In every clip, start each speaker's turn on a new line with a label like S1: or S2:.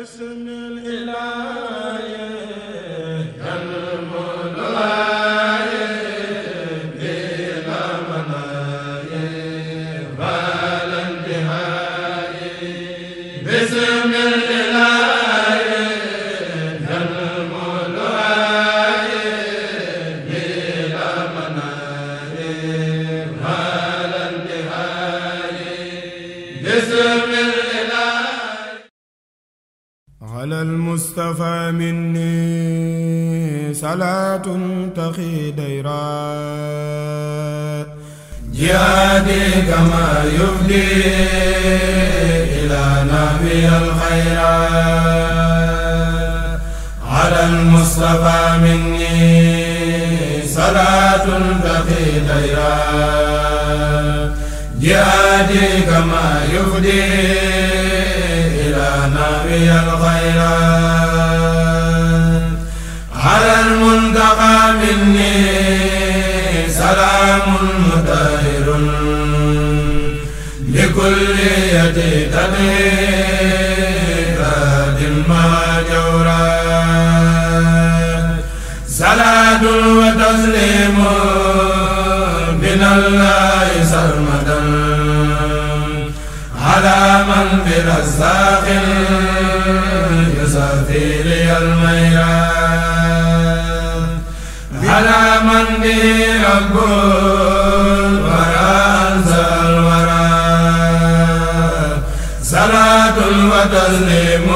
S1: باسم الإله مني صلاة تقي ديرا
S2: جهادي
S1: كما يفدي إلى نبي
S2: الخير
S1: على المصطفى مني صلاة تقي ديرا جهادي كما يفدي إلى نبي الخير على المنتقى مني سلام مطهر لكل يد تبيرات مع جورا صلاة وتسليم من الله سرمدا على من برزاق يسافي لي الميراد على من به الكل وراء أنزل وراء صلاة وتسليم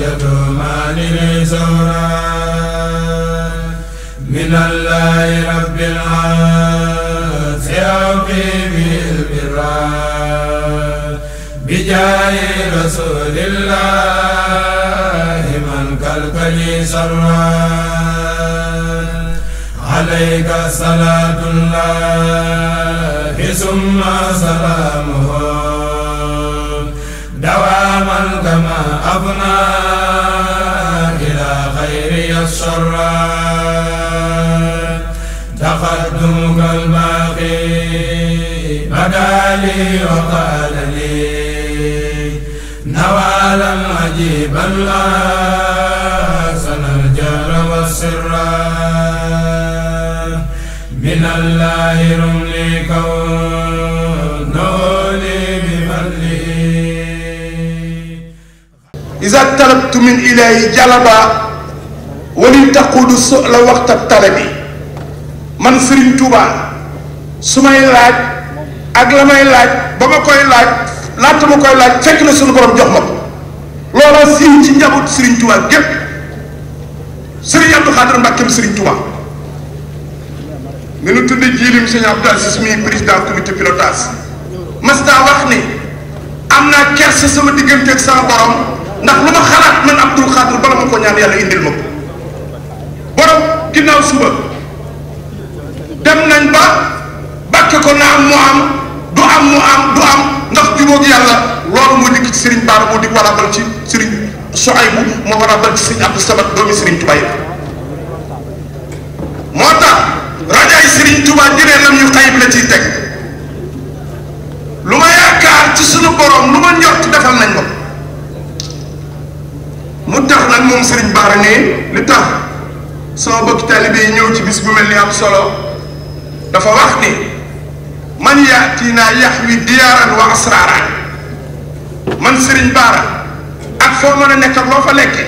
S1: يتومان لزورا من الله رب العالمين سيعقي به البرار بجاه رسول الله من كالكلي سرار alayka salaatullahi summa salaamuhu dawaaman kama abna ila xayri asharra taqaddumuka albaaqi badali wa qaala li nawalan ajiban laa الله رملي
S3: كونوني بفضله إذا طلبت من إلهي جلبا ولن تقود السؤل وقت الطلب man Serigne Touba su may laaj ak la may laaj ba ma koy laaj laata ma koy laaj fekk na suñu borom jox ma ko loola siiw ci njaboot Serigne Touba gépp Serigne Abdou Khadre Mbackeem Serigne Touba. nga nu tudd jiilim sëñ Abdou Aziz mi président comité pilotage mas naa wax ni am naa kersa sama diggante ak sama borom ndax lu ma xalaat man Abdou Khadre bala ma ko ñaan yàlla indil ma borom ginnaaw suba dem nañ ba bàkke ko na am mu am du am mu am du am ndax jubóog yàlla loolu moo dikk ci Serigne Bara moo dikk wala bal ci Serigne Soaybu moo war moo tax rajaay Serigne Touba jëlee nam yu xayib la ciy teg lu ma yaakaar ci sunu borom lu man njort defal nañ ko mu tax nag moom Serigne Bara ne li tax sama bokki taalibe ñëw ci bis bu mel ni am solo dafa wax ni man yaatinaa yaxwi diyaaran wa asraaran man Serigne Bara ak foo mën a nekk ak loo fa nekke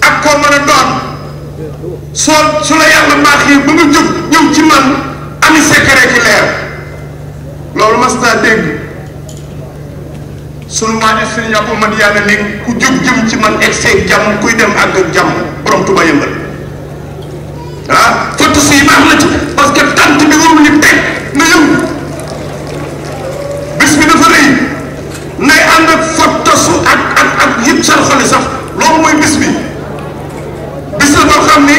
S3: ak koo mën a doon soo su la yàlla baaxee ba nga jóg ñëw ci man ami secret ki loolu mas naa dégg sunu maaj yi suñu yàpp man yàlla ku jóg jëm ci man egseeg jàmm kuy dem àgg ak jàmm borom tuba yëngal ah fottu si baax na ci parce tant bi warul ni teg
S2: na yëngu bis bi dafa rëy nay ànd ak fottosu
S3: ak ak ak yëpp sarxole sax loolu mooy bis bi gis na boo xam ni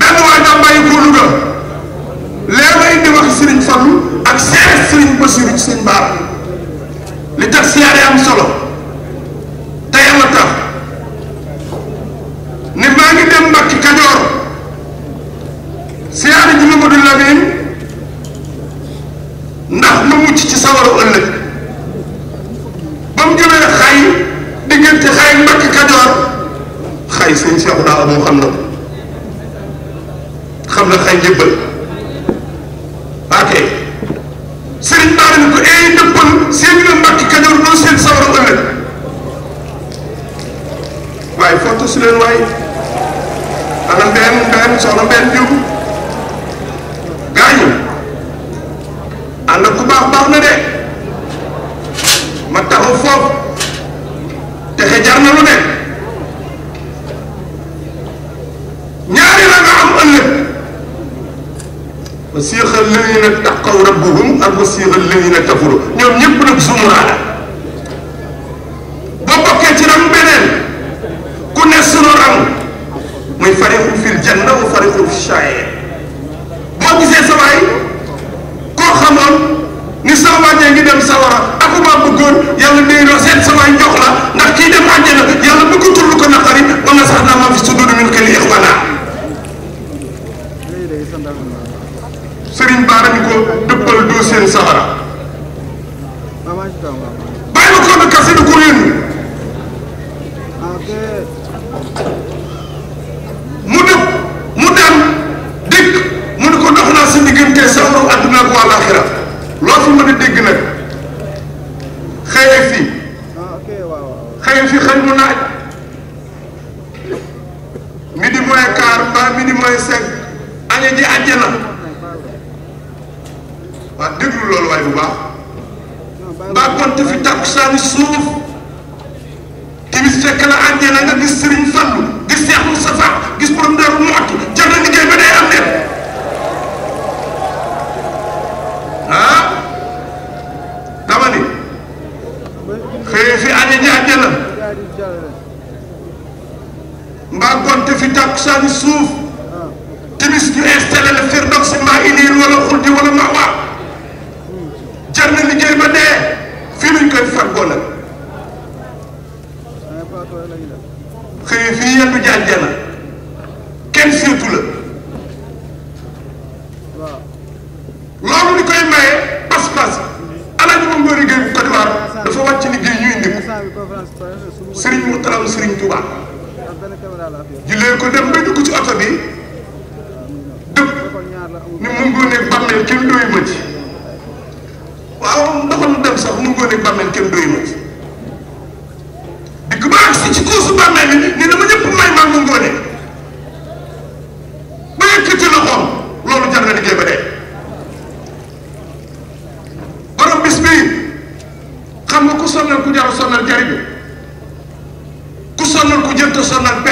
S3: benn waay daa bàyyi ko Louga leer la indi wax Serigne Fallou ak seere Serigne Bassirou ci seen baar li tax siyaare am solo tooñee ngi sawara akumaa bëggoon yàlla nee na seet sa waay njox la ndax Baara ñu ko dëppal doo seen sawara yëkkati loxoom loolu jar na liggéey ba dee borom bis bi xam nga ku sonnal ku jaru sonnal jariñu ku sonnal ku jënta sonnal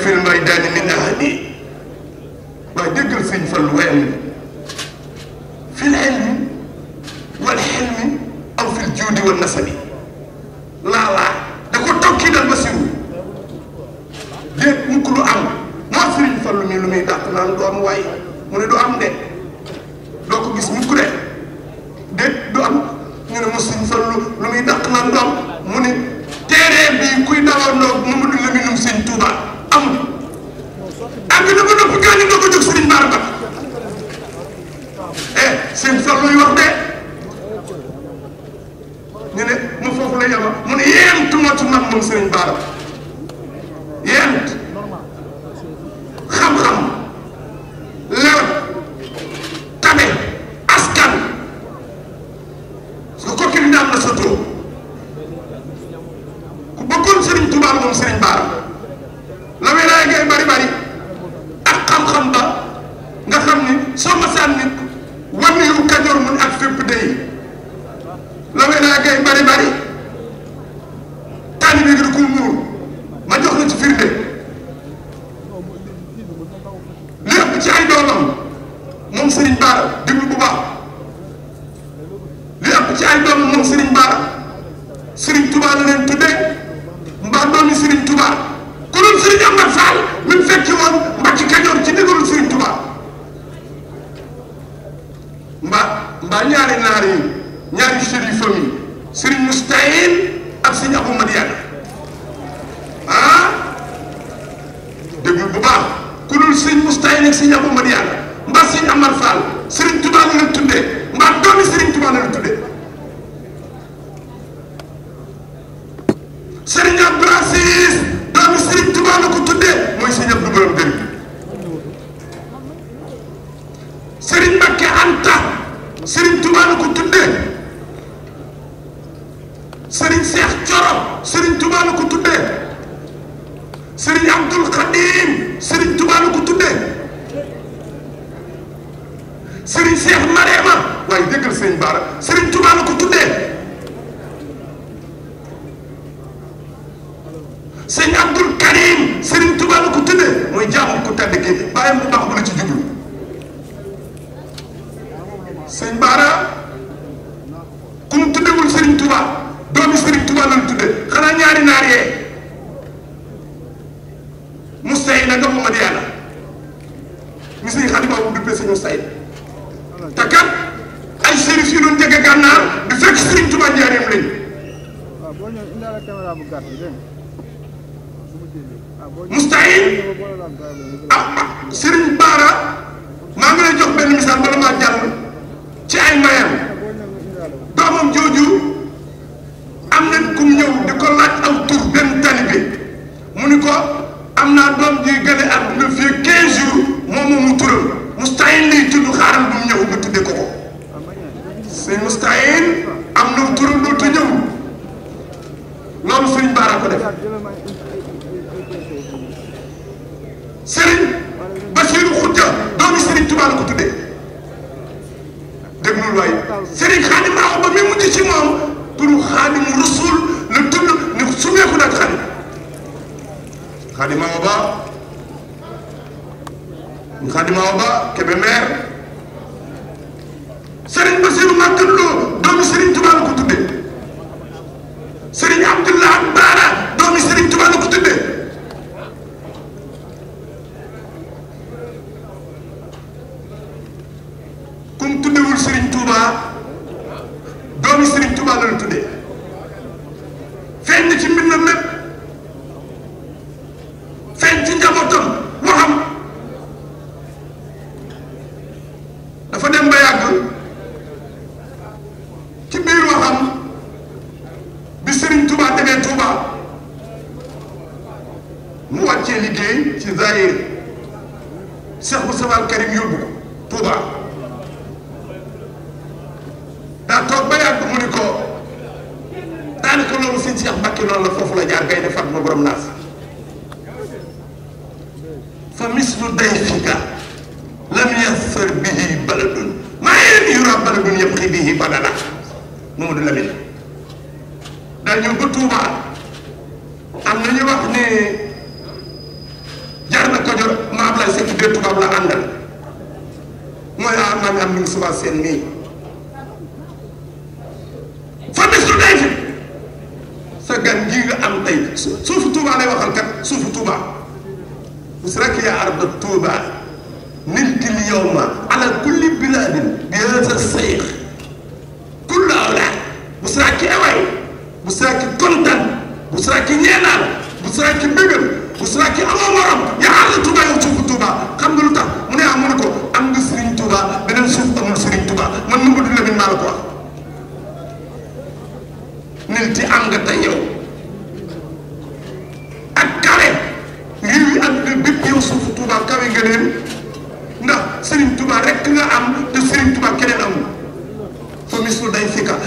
S3: fil maydani min ahadi waaye déggal sëñ Fallu wayal sëriñ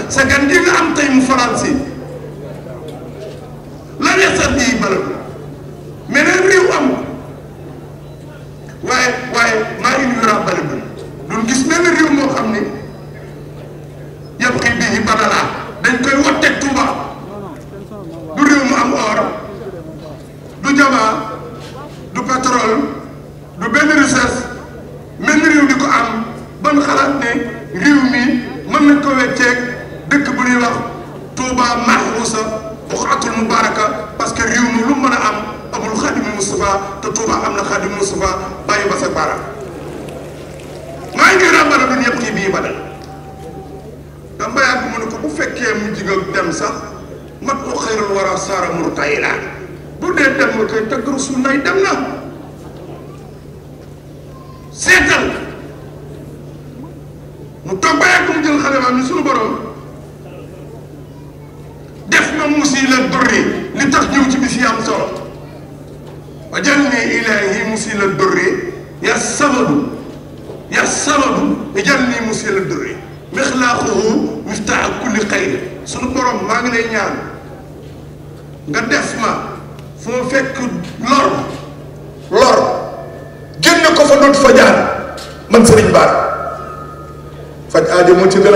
S3: sa gan gi nga am tey mu faral si la weesal bii bërëb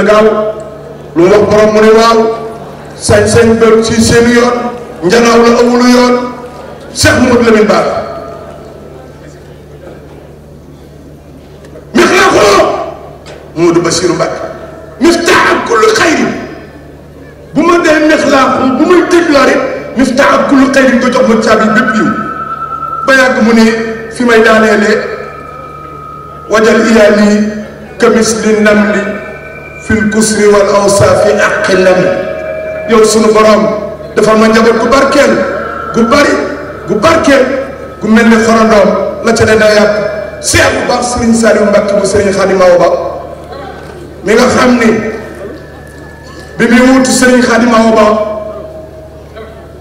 S3: gaaw lu wax borom mu ne waaw sañ-sañ doon si seeni yoon njanaaw la awulu yoon Cheikh Mouhamed Lamine Bara mix na xoo Modou Bassirou Mbacké
S2: miftaax kulli xayri bu ma dee
S3: mix laa xum bu may dégg laa rek miftaax kulli xayri nga jox ma caabi bépp yiw ba yàgg mu ne fi may daaneele wajal iyaali kamis li nam li fil kusri wal awsaafi aqilan yow sunu borom dafa ma njaboot gu barkeel gu bari gu barkeel gu mel ni xorandoom la ca ne da yàpp seet bu baax Serigne Saliou Mbacke bu Serigne Ba bi muy wutu Serigne Khadim Awa Ba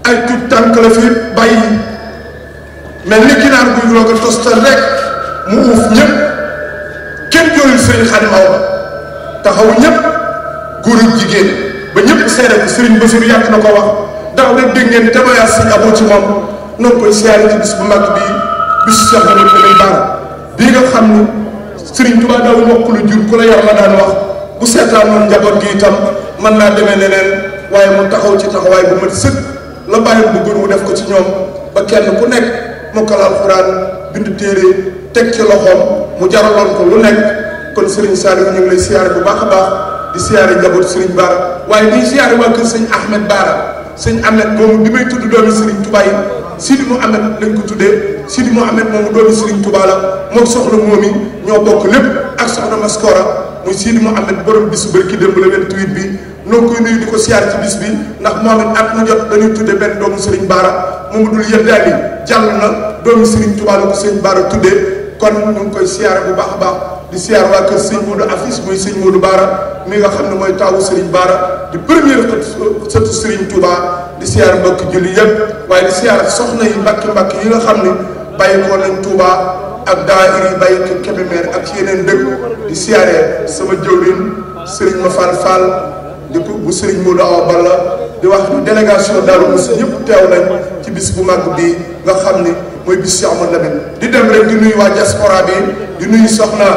S3: ay tub tànk la fi bàyyi mais ni ginaar guy roog a tostal rek mu uuf ñëpp kenn jooyul Serigne Khadim Awa Ba taxaw ñëpp góor ak jigéen ba ñëpp seere ko Serigne Bassirou yàgg na ko wax daaw rek dégg ngeen témoignage si aboo ci moom noonu koy siyaare ci bis bu mag bii bisu Cheikh Mouhamadou Lamine bii nga xam ni Serigne Touba daaw mokk lu jur ku la yar la daan wax bu seetaan moom njaboot gi itam mën naa demee waaye mu taxaw ci taxawaay bu mat bu def ko ci ñoom ba kenn ku nekk mokkal alxuraan bind téere teg ci loxoom mu jaraloon ko lu nekk kon Serigne Saliou ñu ngi siyaare bu baax a baax di siyaare njaboot Serigne Bara waaye di siyaare waa kër sëñ Ahmed Bara sëñ Ahmed moomu bi may tudd doomi Serigne Touba ko tuddee Sidi Mouhamed moomu doomi Serigne Touba la moom soxna moomi ñoo bokk lépp ak soxna Maskora muy Sidi bi noo koy nuyu di ko siyaar ci ndax moom it at mu jot dañuy tudde benn doomu Serigne Bara moomu dul yëf daal di jàll na doomu Serigne ko Serigne Bara tuddee kon ñu koy siyaare bu baax a baax di siyaar waa kër sëñ Modou Afis muy sëñ Modou Baara mi nga xam ne mooy taawu Serigne Baara di premier sëtu Serigne Touba di siyaar mbokk julli yëpp waaye di siyaar soxna yi mbàkki mbàkk yi nga xam ne bàyyi ko nañ Touba ak daayira yi bàyyi ko Kébémer ak yeneen dëkk di siyaaree sama jëwlin Serigne Mafal Fall di ko bu Serigne Modou Awa Balla di wax délégation Darou Mouhty yëpp teew nañ ci bis bu mag bi nga xam ni mooy bis Cheikh Amadou Lamine di dem rek di nuyu waa diaspora bi di nuyu soxna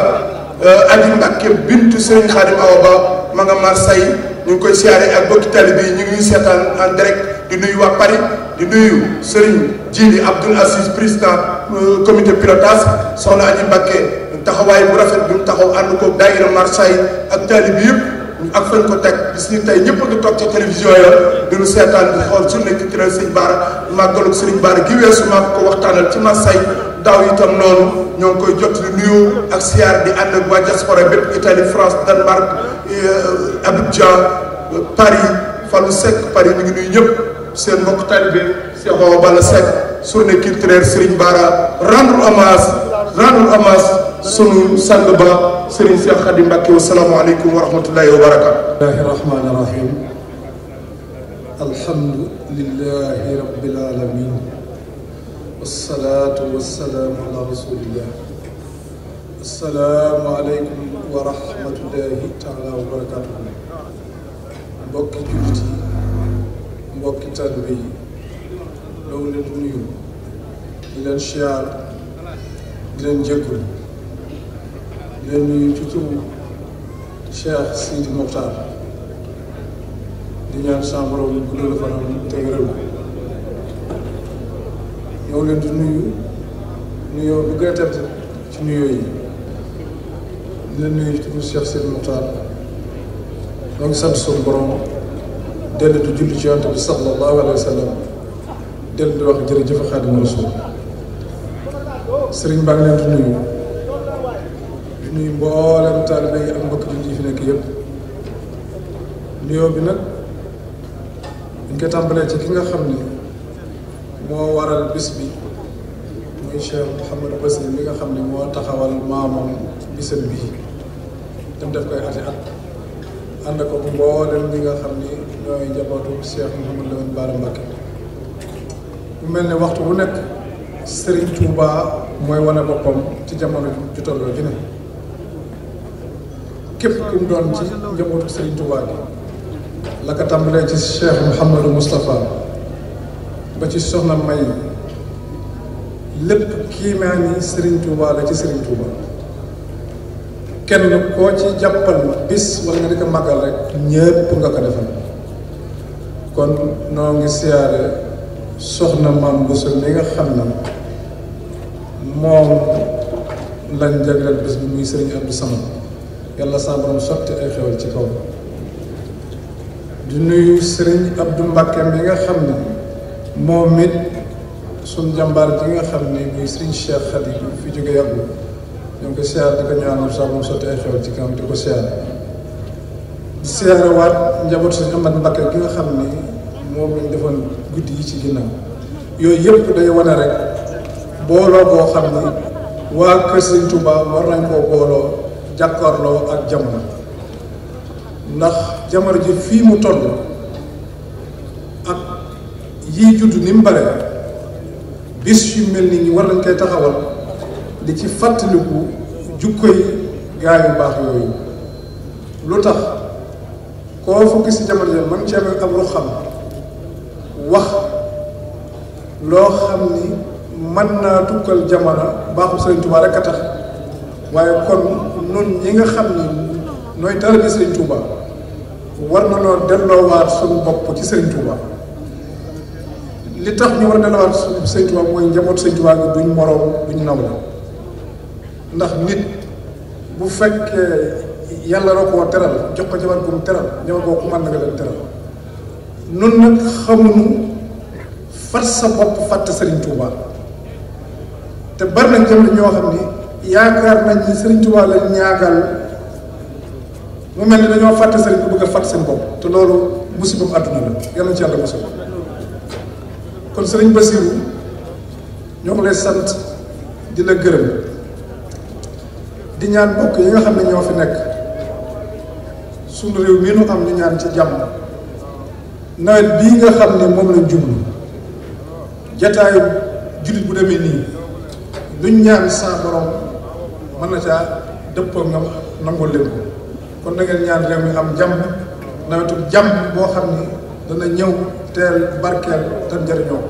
S3: euh, Adi Mbacké bintu Serigne Khadim Awa Ba ma nga Marseille ñu ngi koy siyaare ak bokki tali bi ñu ngi ñuy seetaan en direct di nuyu waa Paris di nuyu Serigne Djili Abdoul Aziz président euh, comité pilotage soxna Adi Mbacké taxawaay bu rafet bi mu taxaw ànd ko daayira Marseille ak tali bi ak fañ ko teg bis ni tey ñëpp ngi toog ca télévision ya dinu seetaan di xool su nekk kiral sëñ Baara màggalug sëriñ Baara gi weesu maa ko waxtaanal ci Marsay daaw itam noonu ñoo ngi koy jot li nuyu ak siyaar di ànd ak waa diaspora bépp Italie France Danemark euh, Abidjan Paris Fallou Seck Paris mi ngi nuyu ñëpp seen mbokk talibé Cheikh Awa Balla Seck journée culturelle Serigne Bara rendre hommage rendre hommage sunu sang ba Serigne Cheikh Khadim Mbacké
S4: wa salaamu aleykum wa rahmatullahi wa rahim. Alhamdulillahi rabbil alamin. Wassalaatu wassalaamu ala rasulillah. Assalaamu aleykum wa rahmatullahi taala wa barakaatu. mbokki jullit yi mbokki taalibe yi loolu leen nuyu di leen siyaar di leen nuyu ci turu Cheikh Sidi Mokhtar di ñaan sama borom bu dul fanaan te wéral ko ñoo leen di nuyu nuyoo bu gën a tedd ci nuyoo yi di leen nuyu ci turu Cheikh Sidi Mokhtar ñoo ngi sant suñu borom dellu di julli ci yonent bi sallallahu alayhi wa sallam di wax jërëjëf Xaadimu Rasuul sëriñ baa ngi leen di nuyu di nuyu mboolem taalibe yi ak mbokk yi fi nekk yëpp nuyoo bi nag dañ koy tàmbalee ci ki nga xam ni moo waral bis bi muy Cheikh Mouhamadou Bassir mi nga xam ne moo taxawal maamam bisam bi dem def koy ati at ànd ko mboolem ñi nga xam ni ñooy njabootu Cheikh Mouhamadou Lamine Bara Mbacké mu mel ni waxtu bu nekk Serigne Touba mooy wane boppam ci jamono ju tolloo ju ne képp ku mu doon ci njabootu Serigne Touba bi la ko tàmbalee ci Cheikh Mouhamadou Moustapha ba ci soxna May lépp kiimaani Serigne Touba la ci Serigne Touba kenn koo ci jàppal bis wala nga di ko màggal rek ñëpp nga ko defal kon noo ngi siyaare soxna maam Bousso mi nga xam na moom lañ jagleel bis bi muy Serigne Abdou yàlla sa borom sotti ay xewal ci kaw di nuyu sëriñ Abdou Mbacke nga xam ni moom it suñ jàmbaar ji nga xam ne muy sëriñ Cheikh Khady fi jóge yàggu ñu di ko ñaanal sa borom sotti ay xewal ci kawam di ko siyaar di siyaarewaat njaboot suñu Amad Mbacke gi nga xam ni moom lañ defoon guddi yi ci ginnaaw yooyu yëpp day wane rek booloo boo xam ne waa kër Sëriñ Touba war nañ koo booloo jàkkaarloo ak jamono ndax jamono ji fii mu toll ak yii judd ni mu bare bis yu mel ni ñu war nañ koy taxawal di ci fàttaliku jukko yi gaay yu baax yooyu lu tax koo fa gis jamono ji man ci amee am lu xam wax loo xam ni mën naa tukkal jamono baaxul Sëriñ Tuubaa rek a tax waaye kon nun ñi nga xam ne nooy taalibe Sëriñ Touba war na noo delloowaat suñu bopp ci Sëriñ Touba li tax ñu war a delloowaat suñu Sëriñ Touba mooy njaboot Sëriñ Touba gi duñ moroom duñ naw ndax nit bu fekkee yàlla doo koo teral jox ko jabar bu mu teral jabar boo ko mën na nga leen teral nun nag xamuñu far sa bopp fàtte Sëriñ Touba te bari na jëm ñoo xam ni yaakaar nañ ni Serigne Touba la ñaagal mu mel ni dañoo fàtte Serigne bu a fàtte seen bopp te loolu musibam àdduna la yàlla ci yàlla musul kon Serigne Bassirou gërëm di ñaan mbokk yi nga xam ne ñoo fi nekk suñu réew mii nu am ñu ñaan ci jàmm nawet bii nga xam ne moom lañ jublu jataayu jullit bu demee nii duñ ñaan saa borom mën na caa dëppoo nga nangul leen ko kon da ngeen ñaan réew mi am jàmm nawetu jàmm boo xam ne dana ñëw teel barkeel te njëriñoo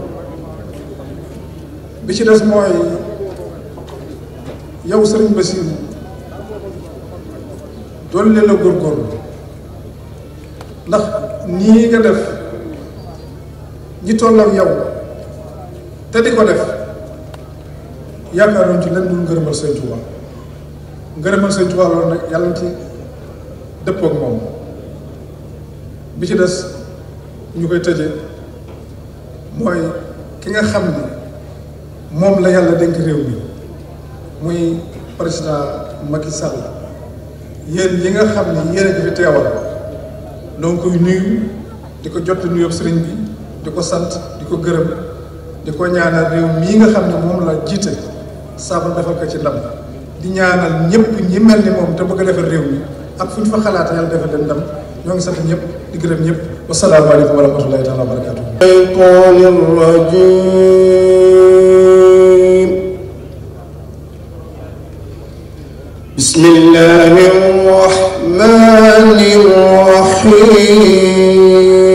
S4: bi ci des mooy yow sëriñ Bassir dolli la góorgóorlu ndax nii nga def ñi tolloog yow te di ko def yaakaaroon ci lenn lu ngërëmal Sëriñ Tuubaa ngërëmal sëñ Tuubaa loolu yàlla na ci dëppoo ak moom bi ci des ñu koy tëjee mooy ki nga xam ni moom la yàlla dénk réew mi muy président Macky Sall yéen li nga xam ni yéen a fi teewal noo koy nuyu di ko jot nuyu yëpp sëriñ bi di ko sant di ko gërëm di ko ñaanal réew mii nga xam ne moom la jiite saabu defal ko ci ndam. di ñaanal ñëpp ñi mel ni moom te bëgg a réew mi ak fu ñu fa xalaat yàlla defal leen ndam ñoo ngi sant ñëpp di gërëm ñëpp wasalaamaaleykum wa rahmatullahi taala wa
S2: barakatu shaytaani rajim bismillahi rahmani rahim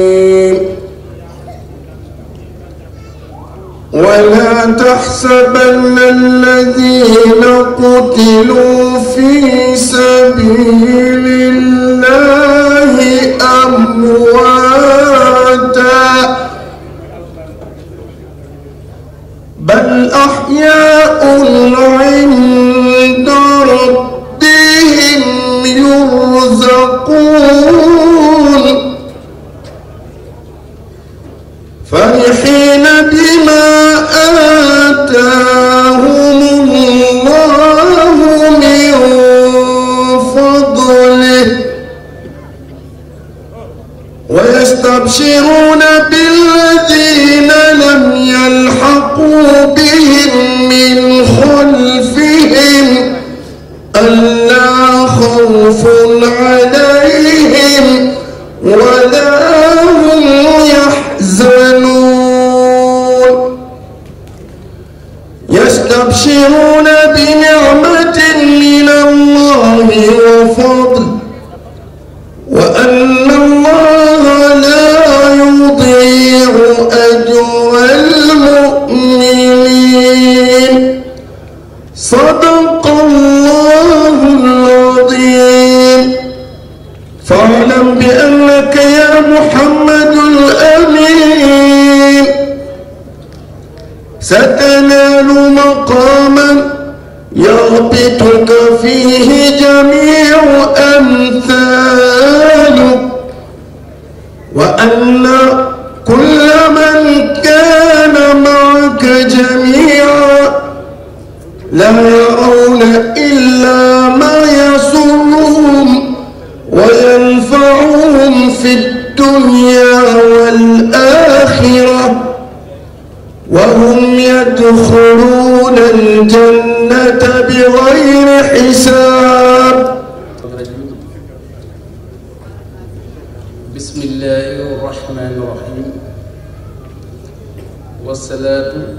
S2: لا تحسبن الذين قتلوا في سبيل الله أمواتا بل أحياء عند يستبشرون ب لا يرون إلا ما يسرهم وينفعهم في الدنيا والآخرة وهم يدخلون الجنة بغير حساب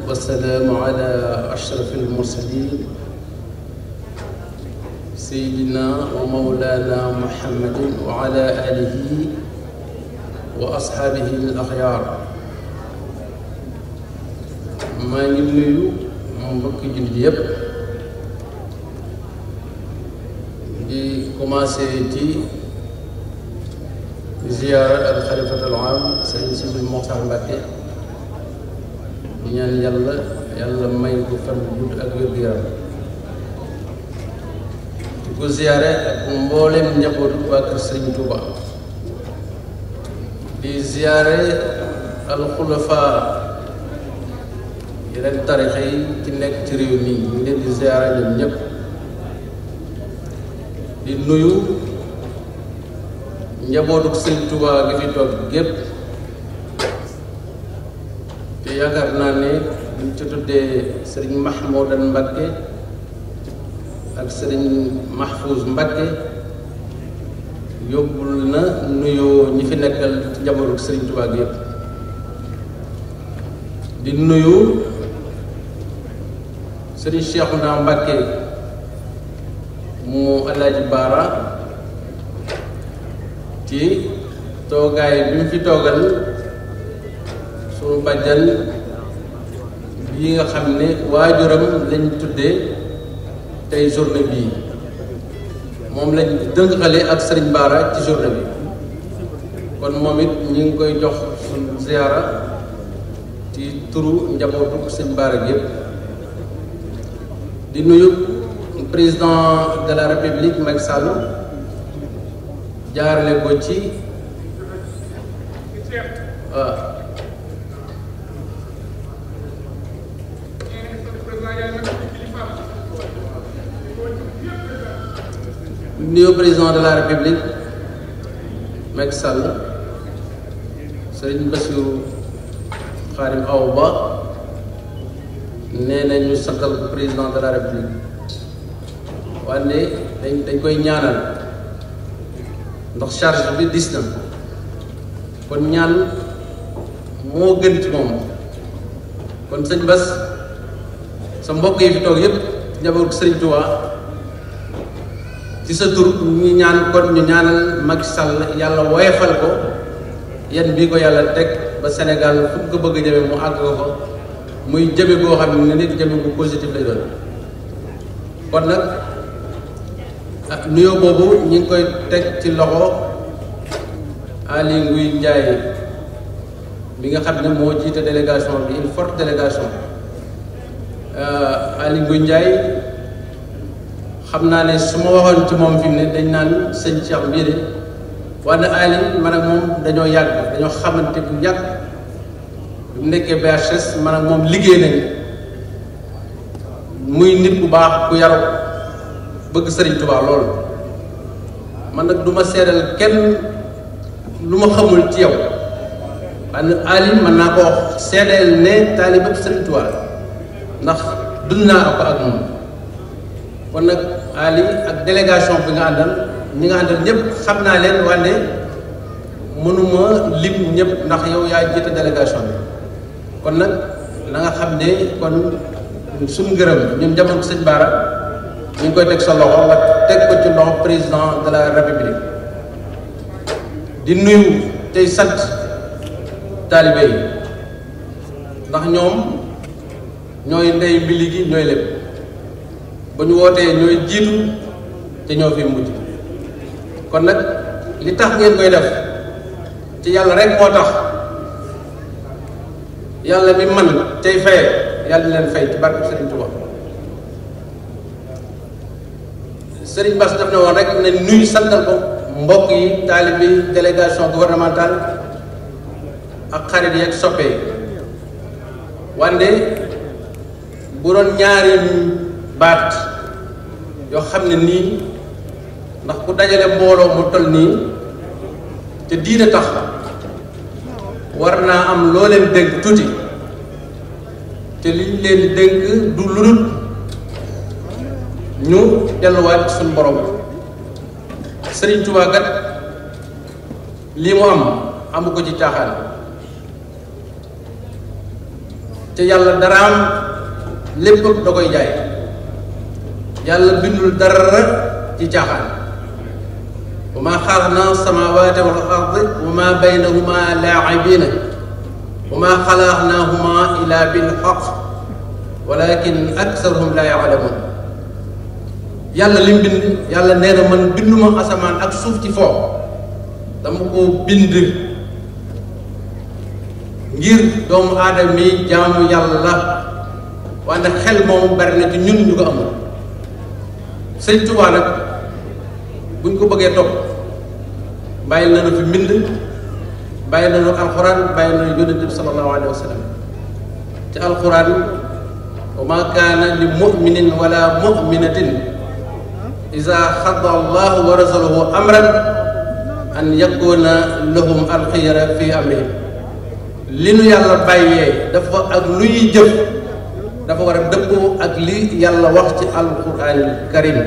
S5: والسلام على أشرف المرسلين سيدنا ومولانا محمد وعلى آله وأصحابه الأخيار maa ngi nuyu mbokk jullit yépp di commencé ci ziyaara al xalifatul aam sëriñ Sidi Moxtar Mbacke di ñaan yàlla yàlla may ko fan bu gudd ak wér gu yaram di ko ziyaare mbooleem njabootu waa kër Sëriñ Tuuba di ziyaare alxulafaa yeneen tarixa yi ci nekk ci réew mi ñu ngi di ziyaare ñoom ñëpp di nuyu njabootu Sëriñ Tuuba gi fi toog gépp yaakaar naa ne buñ ci tuddee sëriñ Mahmoudan Mbakke ak sëriñ Mahfouz Mbakke yóbbul na nuyoo ñi fi nekkal ci njabootu sëriñ Tuubaa gi di nuyu sëriñ Cheikhouna Mbakke mu Alaaji Baara ci toogaay bi mu fi toogal mu bàjjan yi nga xam ne waajuram lañ tuddee tey journée bii moom lañ dënkale ak Serigne Bara ci journée bi kon moom it ñu ngi koy jox suñu ziara ci turu njabootu Serigne Bara yëpp di nuyu président de la république Macky Sall jaarale ko ci waaw euh, nuyoo président de la république Macky Sall sëriñ Bassirou Karim Awa Ba nee na santal président de la république wante dañ dañ koy ñaanal ndax charge bi dis kon ñaan moo gën ci moom kon sëñ Bass sa mbokk yi fi toog yëpp njaboot Sëriñ Tuubaa ci sa tur ñu ñaan kon ñu ñaanal Macky Sall yàlla woyefal ko yan bii ko yàlla teg ba Sénégal fu ko bëgg a jëme mu àgg ko fa muy jëme boo xam ne nit jëme bu positif lay doon kon nag ah, nuyoo boobu ñu ngi koy teg ci loxo Ali Nguy njaay bi nga xam ne moo jiite délégation bi une forte délégation ah, Ali Nguy Ndiaye xam naa ne su ma waxoon ci moom fi ne dañ naan sëñ Cheikh mbiri wante Ali man ak moom dañoo yàgg dañoo xamante bu yàgg bu mu nekkee BHS man ak moom liggéey nañ muy nit bu baax ku yaru bëgg sëriñ Tuubaa lool man nag du ma kenn lu ma xamul ci yow wante Ali mën naa ko seedal ne taalibe sëriñ Tuubaa ndax dund naa ko ak moom kon nag Ali ak délégation bi nga àndal ñi nga àndal ñëpp xam naa leen wànne mënuma lim ñëpp ndax yow yaa jiite délégation bi kon nag na nga xam ne kon suñu gërëm ñun jamono sëñ Baara ñu ngi koy teg sa loxo nga teg ko ci loxo président de la république di nuyu tey sant taalibe yi ndax ñoom ñooy ndey mbili gi ñooy lépp bu ñu wootee ñooy jiitu te ñoo fi mujj kon nag li tax ngeen koy def ci yàlla rek moo tax yàlla bi man tey fay yàlla leen fay ci barke Serigne Touba Serigne Bass ne woon rek ne nuy santal ko mbokk yi taalib yi délégation gouvernementale ak xarit yi ak soppe yi wande bu doon ñaari baat yoo xam ne nii ndax ku dajale mbooloo mu toll nii te diine tax war naa am loo leen dénk tuuti te liñ leen dénk du ludul ñu delluwaat suñu borom Sëriñ Tuubaa lii mu am amu ko ci caaxaan te yàlla daraam lépp da koy jaay yàlla bindul dara ci caaxaan wa maa xalaqnaa samaawaati wa maa wa maa xalaqnaahumaa illaa bil haqq walaakin aksarahum laa ya'lamuun yàlla li mu bind yàlla nee na man binduma asamaan ak suuf ci foofu dama ko bind ngir doomu aadama yi jaamu yàlla wante xel moomu bari na ci ñun ñu ko amul sëñ Tuubaa nag buñ ko bëggee topp bàyyil na nu fi mbind bàyyil na nu alxuraan bàyyil na nu yonent bi sallallahu alayhi wa sallam te alxuraan wa maa kaana li muminin wala muminatin iza xada allahu wa rasuluhu amran an yakuna lahum alxiyara fi amrihim li nu yàlla bàyyee dafa ak lu ñuy dafa war a dëppoo ak lii yàlla wax ci alquranil karim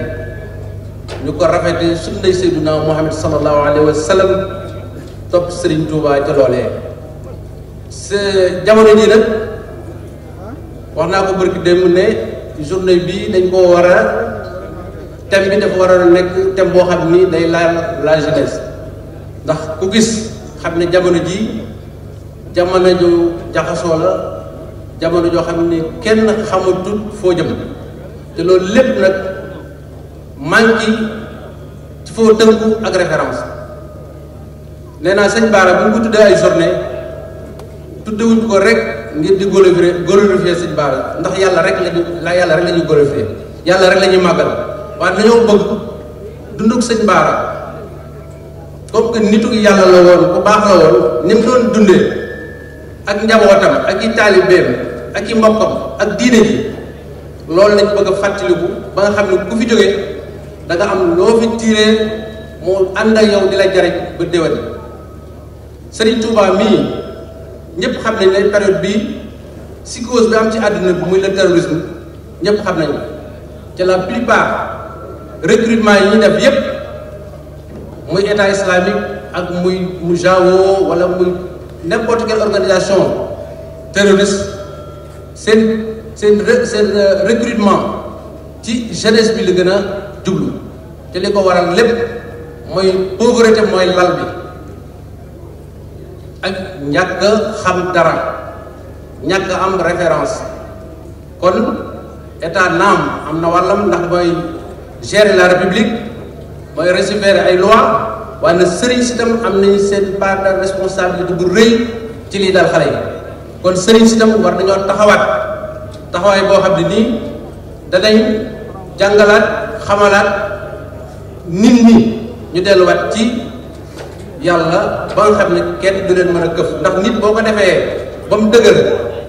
S5: ñu ko rafete sunnay sayduna muhammad sallallahu alayhi wa sallam topp Serigne Touba ca se jamono ji nag wax naa ko barki démb ne journée bii dañ koo war a thème bi dafa war a nekk thème boo xam ni day laal la jeunesse ndax ku gis xam ne jamono ji jamono ju jaxasoo la jamono joo xam ni kenn xamatut foo jëm te loolu lépp nag manqué ci foo tënku ak référence nee naa sëñ Baara bu ñu ko tuddee ay journée wuñ ko rek ngir di glorifier glorifier sëñ Baara ndax yàlla rek lañu la yàlla rek la ñu glorifier yàlla rek la ñuy màggal waaye dañoo bëgg dunduk sëñ Baara comme que nitu yàlla la woon ku baax la woon ni mu doon dundee ak njabootam ak i taalibeem ak i mbokkam ak diine ji loolu lañ bëgg a fàttaliku ba nga xam ne ku fi jógee da am loo fi tiiree mu ànd ak yow di la jariñ ba déwén Serigne Touba mii ñëpp xam nañ ne bi bii psychose bi am ci àddina bi muy le terrorisme ñëpp xam nañu ca la plupart recrutement yi ñu def yépp muy état islamique ak muy mu jawo wala muy n'importe quelle organisation terroriste seen seen seen euh, recrutement ci jeunesse bi la gën a jublu te li ko waral lépp mooy pauvreté mooy lal bi ak ñàkk xam dara ñàkk am référence kon état naam am na wàllam ndax mooy gérer la république mooy recevoir ay loi waaye na sëriñ si tam am nañu seen part de responsabilité bu rëy ci lii dal xale yi kon sëriñ si tam war nañoo taxawaat taxawaay boo xam ne nii danay jàngalaat xamalaat nit ñi ñu delluwaat ci yàlla ba nga xam ne kenn du leen mën a këf ndax nit boo ko defee ba mu dëgër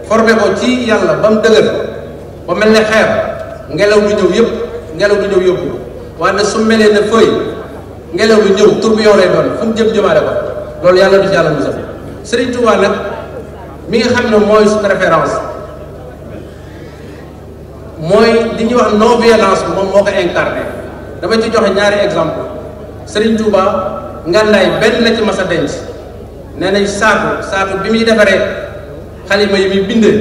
S5: formé ci yàlla ba mu dëgër ba mel ne xeer ngelaw du ñëw yëpp ngelaw du ñëw yóbbu waaye su melee ne fëy ngelaw du ñëw tourbillon lay doon fu mu jëm jëmaale ko loolu yàlla du ci yàlla musal Sëriñ Tuubaa nag mi nga xam ne mooy su préférence mooy li ñuy wax non violence moom moo ko incarné dama ci joxe ñaari exemple sëriñ Touba ngàndaay benn la ci masa denc nee nañ saatu saatu bi muy defaree xalima yi muy bindee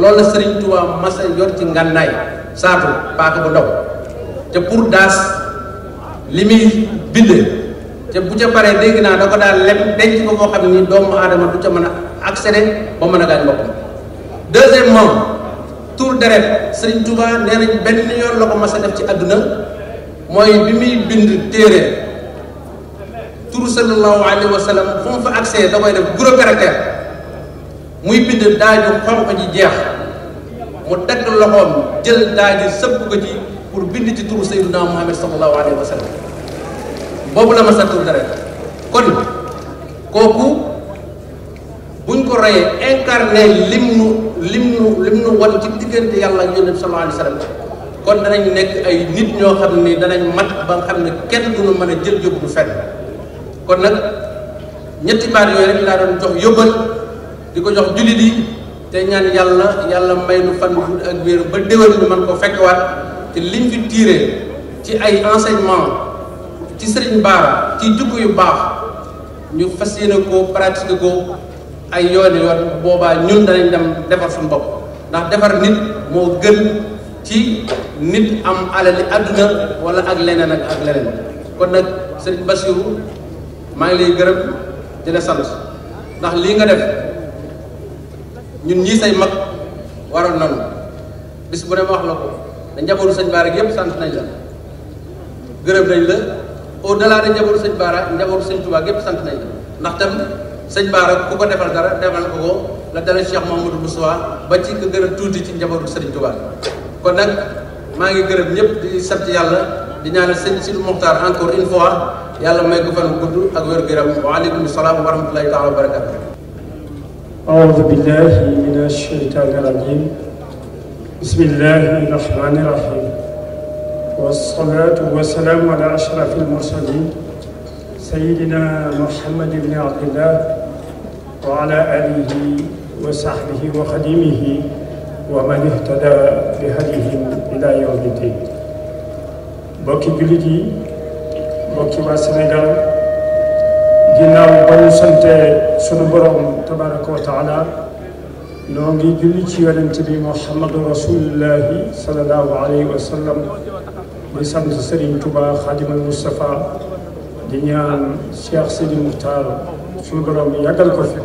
S5: loolu la Serigne Touba masa yor ci ngàndaay saatu paaka bu ndaw te pour daas li muy bindee te bu ca paree dégg naa da ko daal lem denc ko koo xam ne doomu aadama du ca mën a accéder ba mën a gaañ boppam deuxièmement tour deret Serigne Touba nee nañ benn yoon la ko mas def ci àdduna mooy bi muy bind téere tur sallallahu alayhi wa sallam fu fa accès da koy def gros caractère muy bind daaju xonq ji jeex mu dagg loxoom jël daaju sëpp ko ci pour bind ci turu sayyiduna Muhammad sallallahu alayhi wa sallam boobu la mas a deret kon kooku ko royee incarné lim nu lim nu lim nu won ci diggante yàlla ak yonent bi sallallahu alayhi wa sallam kon danañ nekk ay nit ñoo xam ni danañ mat ba nga xam ne kenn duñu mën a jël bu fenn kon nag ñetti baat yooyu rek laa doon jox yóbbal di ko jox jullit yi te ñaan yàlla yàlla may nu fan bu ak wéeru ba déwén ñu mën ko fekkewaat te liñ fi tiire ci ay enseignement ci sëriñ baara ci jukko yu baax ñu fas yéene ko pratique ko ay yoon yoon boobaa ñun danañ dem defar suñu bopp ndax defar nit moo gën ci nit am alali àdduna wala ak leneen ak ak leneen kon nag sëriñ Bassirou maa ngi lay gërëm di ndax lii nga def ñun ñii say mag waroon nañu bis bu ne ma wax la ko da njabootu sëñ Baara yëpp sant nañ la gërëm nañ la au delà de njabootu sëñ Baara njabootu sëñ Tuubaa yëpp sant nañ la ndax tam sëñ Baara ku ko defal dara defal ko ko la dale Cheikh Mamadou Moussa ba ci ko gën tuuti ci njabootu Serigne Touba ko nag maa ngi gërëm ñëpp di sant yàlla di ñaanal sëñ Sidou Mokhtar encore une yàlla may ko fan gudd ak wér gu yaram waaleykum salaam wa rahmatullahi taala wa barakatu aoudu
S6: billahi min asheytani rajim bismillahi rahmani rahim wasalaatu wasalaamu ala ashraf almursalin sayidina mohammad ibni abdillah wa ala alihi wa sahbihi wa xadimihi man ihtada bi hadihim ila yawmi din mbokki jullit yi mbokki waa Sénégal ginnaaw ba ñu sante sunu borom tabaraka wa taala noo bi Muhammadu rasulillahi sallallahu alayhi wa sallam di sant Mustafa di ñaan Cheikh Sidi Moukhtar suñu borom bi yàggal ko fi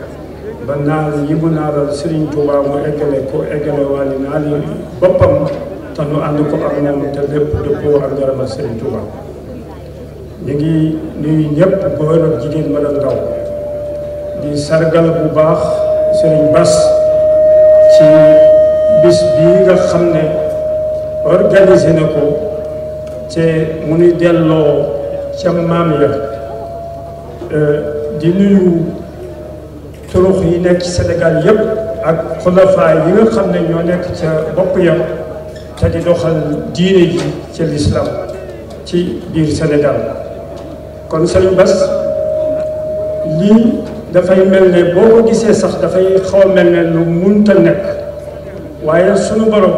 S6: ba naal yi mu naalal Serigne Touba mu eggale ko eggale waale naal yi boppam te nu ànd ko ak moom te lépp dëppoo ak ngërëmal Serigne Touba. ñu ngi nuyu ñëpp góor jigéen mën a ndaw di sargal bu baax Serigne Bass ci bis bii nga xam ne organisé na ko te mu nuy delloo. ca maam ya euh, di nuyu turux yi nekk ci Sénégal yëpp ak xulafaa yi nga xam ne ñoo nekk ca bopp yam te di doxal diine ji ci lislaam ci biir Sénégal kon sëñ Bas lii dafay mel ne boo ko gisee sax dafay xaw a mel ne lu munta nekk waaye sunu borom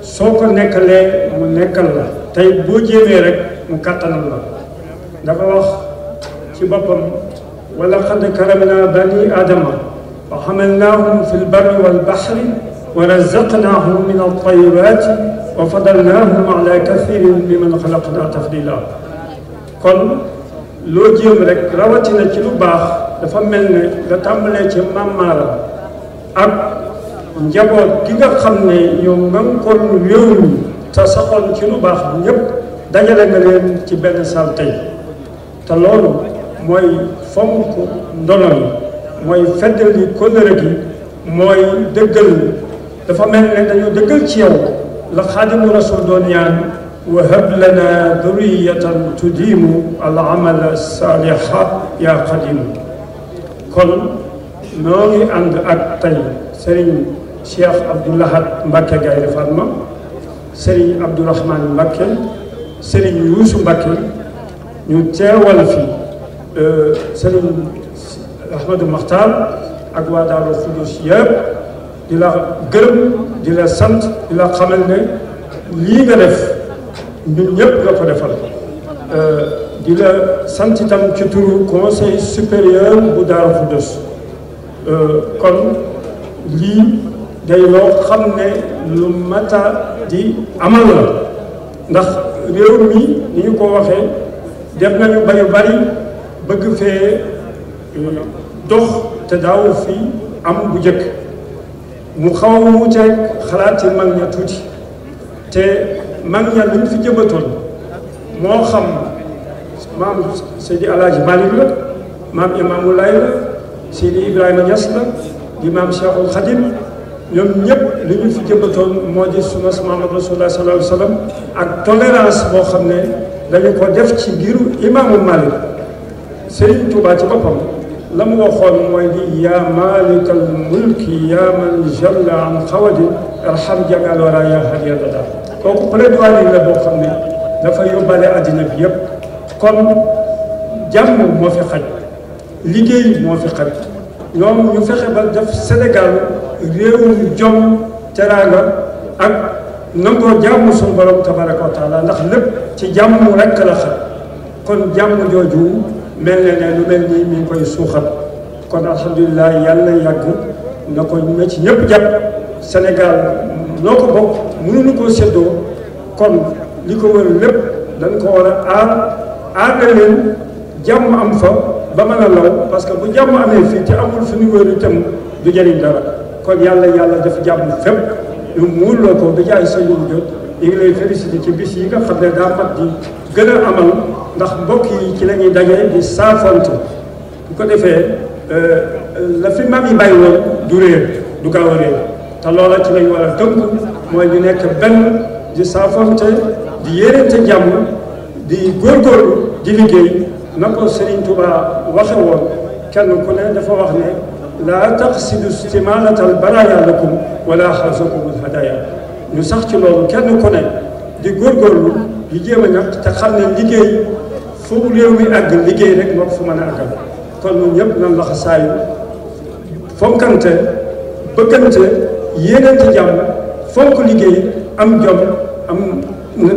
S6: soo ko nekkalee mu nekkal la tey boo jéemee rek mu kàttanam la dafa wax ci boppam wa laqad karamna bani aadama wa hamalnaahum fi lbarri walbahri wa razaqnaahum min altayibaati wa fadalnaahum ala kathirin mimman xalaqna tafdila kon loo jéem rek rawatina ci lu baax dafa mel ne nga tàmbalee ci màmmaaram ak njaboot gi nga xam ne ñoom nga ko réew mi te saxoon ci lu baax ñépp dajale nga leen ci benn salle tey te loolu mooy fonk ndono yi mooy feddali kóllëre gi mooy dëggal dafa mel ne dañoo dëggal ci yow la xaadimu rasul doon ñaan wa hab lana al amala saaliha yaa xadimu kon noo ngi ak tey sëriñ Cheikh Abdoul Ahad Mbacké Gaïndé Fatma sëriñ Abdourahmane sëriñ Yuusu Mbàkke ñu teewal fi euh, sëriñ Ahmadou Maxtaar ak waa Daaru Xudoos yëpp di la gërëm di la sant di la xamal ne lii nga def ñun ñëpp nga ko defal euh, di la sant itam ci turu conseil supérieur bu Daaru Xudoos euh, kon lii day loo xam ne lu mata di amal la ndax réew mi ni ñu ko waxee def nañu ba yu bari bëgg fee euh, dox te daaw fi am bu jëkk mu xaw a wuuteeg xalaat yi mag ña tuuti te mag ña luñ fi jëbatoon moo xam maam Seydi Alaaji Malick la maam Imaamul Laay la Seydi Ibrahima Niass la di maam Cheikhul Khadim ñoom ñëpp li ñu fi jëmbatoon moo di sunna Muhammad Rasulullah sallallahu alayhi wa sallam ak tolérance boo xam ne dañu ko def ci giru imaamu Malik Serigne Touba ci boppam la mu waxoon mooy di yaa malikal mulki yaa man jalla an xawadi arham jagal wala yaa hadiyal bada kooku plaidoyer la boo xam ne dafa yóbbaale àddina bi yëpp kon jàmm moo fi xaj liggéey moo fi xaj ñoom ñu fexe ba def Sénégal réewum jom teraanga ak nangoo jàmm suñu tabaraka wa ndax lépp ci jàmm rekk la xam kon jàmm jooju mel na ne lu mel nii mi ngi koy suuxal kon alhamdulilah yàlla yàgg na ko na ci ñëpp jàpp Sénégal noo ko bokk ñu ko séddoo kon li ko wër lépp dañ ko war a aar na leen jàmm am fa ba mën a law parce que bu jàmm amee fii te amul fu ñu wéeru itam du jëriñ dara kon yàlla yàlla dafa jàmm fépp lu muur loo ko du jaay sa jot ñu ngi lay félicité ci bis yi nga xam ne daa mat di gën a amal ndax mbokk yi ci la ñuy dajee di saafante bu ko defee euh, la fi maam yi bàyyi woon du réer du gaaw a réer te loola ci lañ war a tënk mooy ñu nekk benn di saafante di yéeneente jàmm di góorgóorlu di liggéey na ko Serigne Touba waxe woon kenn ku ne dafa wax ne laa taqsidu istimalatal baraya lakum wala xasakumul hadaya ñu sax ci loolu kenn ku ne di góorgóorlu di jéem a ñaq te xam ne liggéey foofu réew mi àgg liggéey rek moo ko fa mën a àggal kon ñun ñëpp nan laxa saayu fonkante bëggante yéenante jàmm fonk liggéey am jom am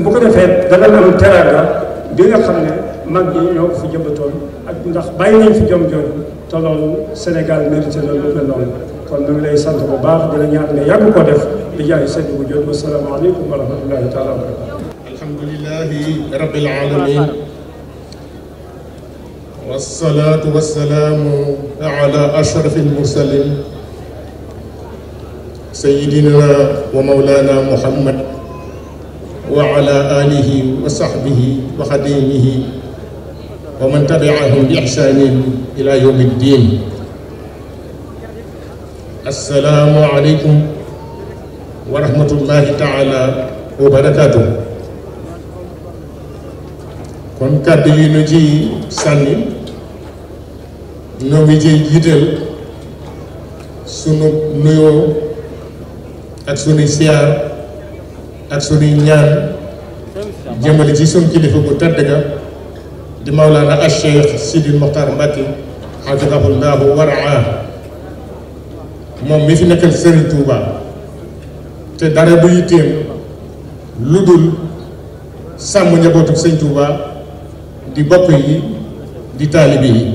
S6: bu ko defee dana am teraanga bi xam ne mag ñi ñoo fi jëmbatoon ak ndax bàyyi nañ fi jom jooju te loolu Sénégal mérité na lu mel noonu kon ñu ngi lay sant bu baax di la ñaan nga yàgg ko def di jaay sëñ bu jot wa salaamu aleykum wa rahmatullahi taala wa barakatu alhamdulilahi rabbil alamin
S3: والصلاة والسلام على أشرف المرسلين سيدنا ومولانا محمد وعلى آله وصحبه وخديمه wa man tabiahum bi ihsanin ila yawmi ddin assalaamu aleykum wa rahmatullahi taala wa barakaatu kon kàddu yi nu ci sànni ñoo ngi ciy jiital sunu nuyoo ak sunuy siyaar ak sunuy ñaan jëmale ci sunu kilifa bu tedd ga di mawlaana al cheikh sidil moxtar mbàkke xafidahullahu moom mi fi nekkal sëriñ sàmm njabootu sëñ di bokk di taalibe yi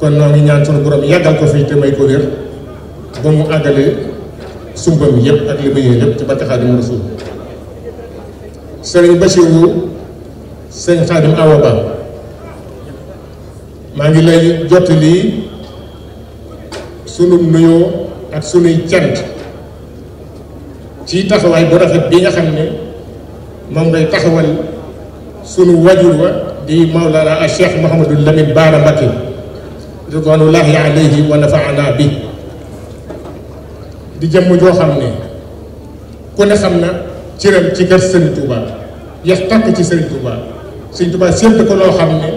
S3: kon noo ngi ñaan ko fii te may ko wér sumbam yëpp ak li mu yee yëpp ci barke Xaadim Awa maa ngi lay jottali sunu nuyoo ak sunuy cant ci taxawaay bu rafet bi nga xam ne moom ngay taxawal sunu wajur wa di Mawlana ak Cheikh Mouhamadul Lamine Baara Mbacké ridwanullahi alayhi wa nafaana bi di jëmm joo xam ne ku ne xam na cëram ci kër Serigne Touba yax takk ci Serigne Touba Serigne Touba sént ko loo xam ne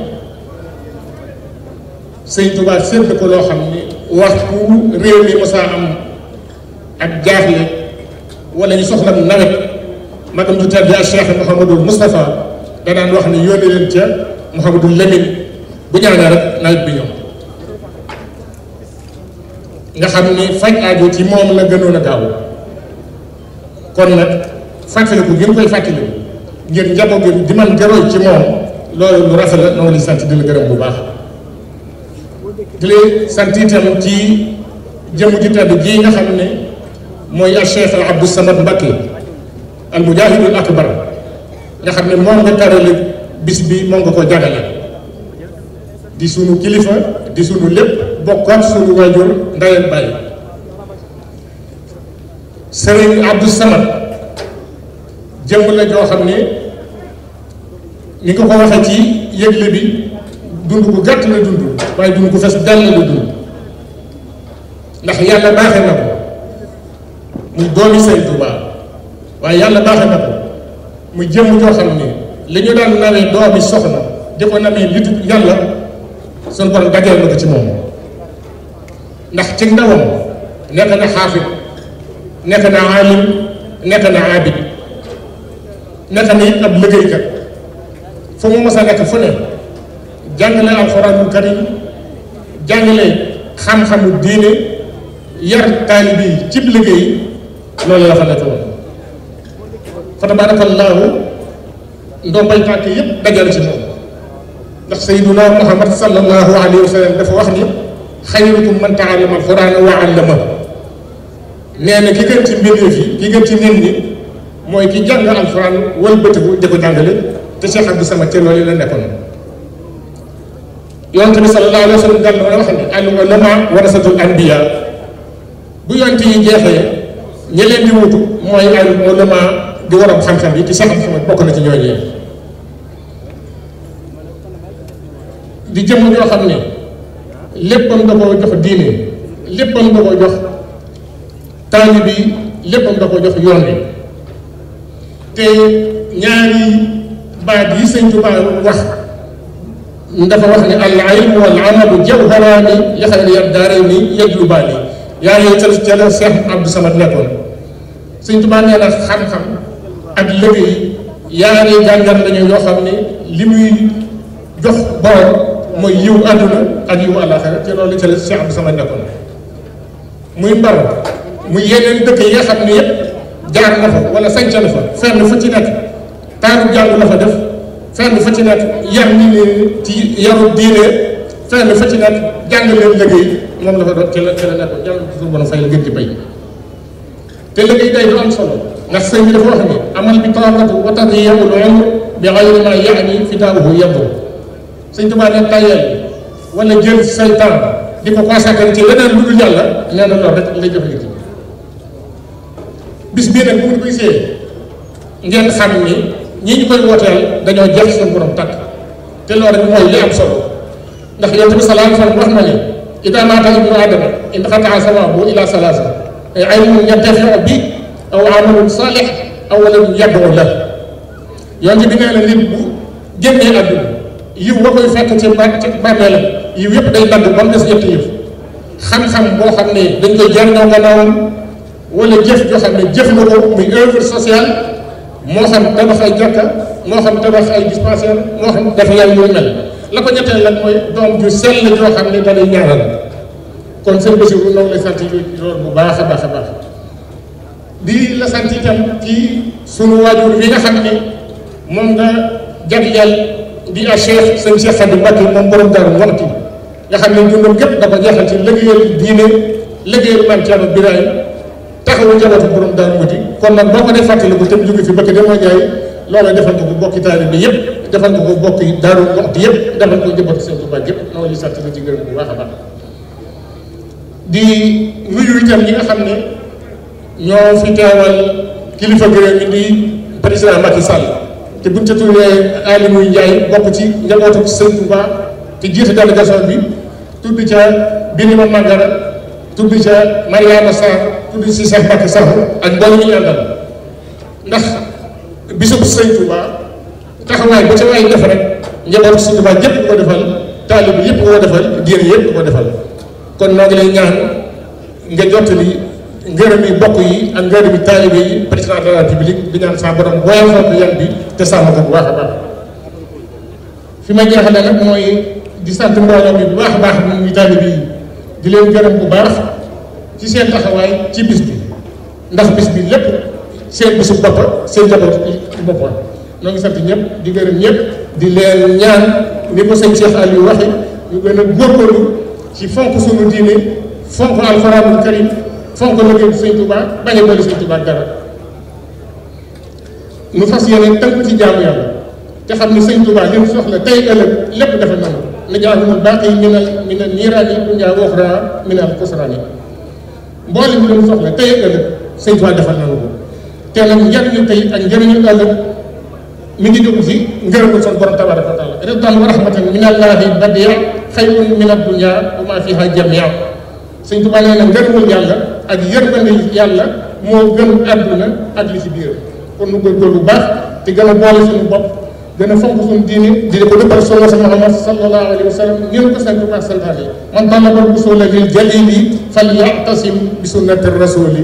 S3: sëñ Tuubaa sédd ko loo xam ni waxtu réew mi mosaa am ak jaaxle wala ñu soxla nawet magam ju tedd Cheikh Mouhamadul Moustapha danaan wax ni yónni leen ca Mouhamadul bu ñaanee rek nawet bi ñëw nga xam ni faj aajo yi moom la gënoon a gaaw kon nag fàttaliku ngeen koy fàttaliku ngir njaboot gi di man gëroo ci moom loolu lu rafet la noo di sant di la bu baax di leen sant itam ci jëmu ji tedd ji nga xam ne mooy Cheikh al Abdou Samad Mbacké al akbar nga xam ne moom nga tarale bis bi moom nga ko jagale di sunu kilifa di sunu lépp bokkoon sunu waajur ndayeen bàyyi sëriñ Abdou Samad jëmm la joo xam ne ni nga ko waxee ci yëgle bi dund ko gàtt la dund waaye dund ko fes dal la dund ndax yàlla baaxee na ko muy doomi Sëñ Tuubaa waaye yàlla baaxee na ko muy jëmm joo xam ne li ñu daan nawee doomi soxna di ko namee nitu yàlla suñu borom ci moom ndax ci ndawam nekk na xaafit nekk na aalim nekk na aabid nekk na it ab liggéeykat fu mu mos fu ne jàngale alxuraanul karim jàngale xam-xamu diine yar taalibe yi cib liggéey loolu la fa nekk woon fa tabaarakallaahu ndombal tànk yépp dajal ci moom ndax sayyiduna muhammad sallallahu alayhi wa sallam ki gën ci mbindeef yi ki gën ci nit ñi mooy ki jàng alxuraan wëlbatiku di jàngale te Cheikh Abdou Samad ca loolu la nekkoon yonent bi sallallahu alayhi wa sallam daal dama wax ne al ulama warasatul anbiya bu yonent yi jeexee ñi leen di wutu mooy al ulama di waram xam-xam yi ci sama bokk na ci ñooñu di jëm yoo xam ne léppam da koo jox diine léppam da koo jox taalibe bi léppam da koo jox yoon bi te ñaari baat yi sëñ Tuubaa wax dafa wax ne al ilmu wal amalu jawharaani a yab daaray nii yajlubaani yaa ngi ca ca la Seex Abdou Samad nekkoon Sëñ Tuubaa nee na xam-xam ak liggéey yaari jàngal lañu yoo xam ne li muy jox borom mooy yiw àdduna ak yiw àllaaxira te loolu ca la Seex Abdou Samad nekkoon muy mbar muy yeneen dëkk yi nga xam ne yëpp jaar wala sanc na fa fenn fu ci nekk taaru jàng la def. fenn fa ci nekk yar ñi leen ci yaru diine fenn fa ci nekk jàng leen liggéey moom la doon ci la ci la nekk jàng suñu borom fay la gën ci du am solo ndax sëñ bi dafa wax ni amal bi tawakatu watat yewul om bi ne tayel wala jël say di ko consacré ci leneen lu dul yàlla nee na loolu rek ngay jëf bis bii nag bu ñu ngeen xam ni ñii ñu koy wooteel dañoo jeex seen borom tàkk te loolu mooy li am solo ndax yonent bi sallallahu alayhi wa sallam wax na leen idaa maata ibnu aadama inqata'a ay ilaa salaasa ilmun yantafi'u bihi aw amalun saalih aw waladun yad'u lahu yonent bi nee na nit bu génnee àdduna yiw wa koy fekk ci bàmmeelam yiw yëpp day dagg ba mu des ñetti yëf xam-xam boo xam ne dañ koy jariñoo gannaawam wala jëf joo xam ne jëf na ko muy œuvre sociale moo xam tabax ay jàkka moo xam tabax ay dispensaire moo xam def yaay yu la la ko ñetteel nag mooy doom ju sell joo xam ne dalay ñaanal kon seen bési wu noonu bu baax a baax a baax di la sant itam ci sunu nga xam ne moom nga jagleel di a cheikh sëñ Cheikh Xadi Mbàkke moom borom Daaru Muxti nga xam ne dundam gépp da ko jeexal ci liggéeyal diine liggéeyal man Cerno Birahim taxawu njabootu borom daal muti kon nag boo ko dee fàttaliku te mu jóge fi bëgg demoo jaay loola defal ko ko bokki taalib bi yëpp defal ko ko bokki daaru waxtu yëpp defal ko njabootu seen tubaab yëpp loolu ñu sant na ci gërëm bu a di nuyu itam ñi nga xam ne ñoo fi teewal kilifa gërëm mi di président Macky Sall te buñ ca tuddee Aliou Ndiaye bokk ci njabootu seen tubaab te jiite délégation bi tudd ca Birima Mangara tudd ca Mariama Sarr tudd ci Cheikh Bakk Sarr ak mboolem ñu àndal ndax bisub sëñ Touba ba def rek njaboot sëñ Touba yëpp ko defal taalib yëpp ko defal diir yëpp ko defal kon noo ngi lay ñaan nga jottali ngërëm yi bokk yi ak ngërëm yi taalibe yi président de la république bi ñaan sa borom booyal foofu yan bi te sàmm ko bu baax a baax fi ma jeexalee nag mooy di sant mbooloo bi bu baax a baax ñu yi di leen gërëm bu baax ci seen taxawaay ci bis bi ndax bis bi lépp seen bisu bopp seen njaboot ci boppam ñoo ngi sant ñëpp di gërëm ñëpp di leen ñaan ni ko sëñ Cheikh Aliou waxe ñu gën a góorgóorlu ci fonk suñu diine fonk alxuraanul karim fonk liggéey bi sëñ Touba bañ a boole sëñ Touba dara nu fas yéene tënk ci jaamu yàlla te xam ne sëñ Touba li soxla tey ëllëg lépp dafa nangu najaahumul baaqi minal a niiraani dunyaa wa uxraa minal xusraani mboolem bi doon soxla tey a sëñ Tuubaa defal nañu ko te nag njëriñu tey ak njëriñu ëllëg mi ngi dugg si ngërëmul seen borom tabaaraka wa taala ridwaan wa rahmatan minallaahi badii xayrun minad dunyaa wa maa fiihaa jamii'a sëñ Tuubaa nee na ngërëmul yàlla ak yërmande yàlla moo gën àdduna ak li si biir kon nu góorgóorlu bu baax te gën a boole suñu bopp. gën a fonk suñu diine di ko dëppal solo sama Muhammad sallallahu alayhi wa sallam ngeen ko sant baax santaane man talabal usula lil jalili falyatasim bi sunnati rasuli